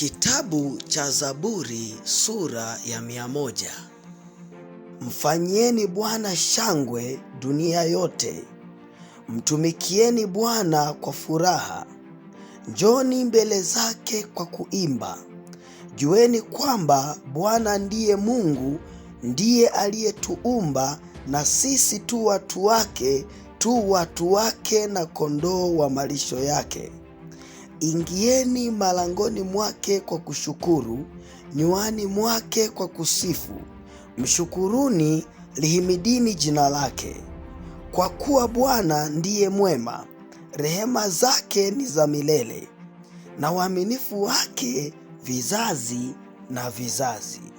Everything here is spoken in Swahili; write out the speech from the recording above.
Kitabu cha Zaburi sura ya mia moja. Mfanyieni Bwana shangwe dunia yote, mtumikieni Bwana kwa furaha, njoni mbele zake kwa kuimba. Jueni kwamba Bwana ndiye Mungu, ndiye aliyetuumba na sisi tu watu wake, tu watu wake na kondoo wa malisho yake. Ingieni malangoni mwake kwa kushukuru, nyuani mwake kwa kusifu, mshukuruni, lihimidini jina lake. Kwa kuwa Bwana ndiye mwema, rehema zake ni za milele, na uaminifu wake vizazi na vizazi.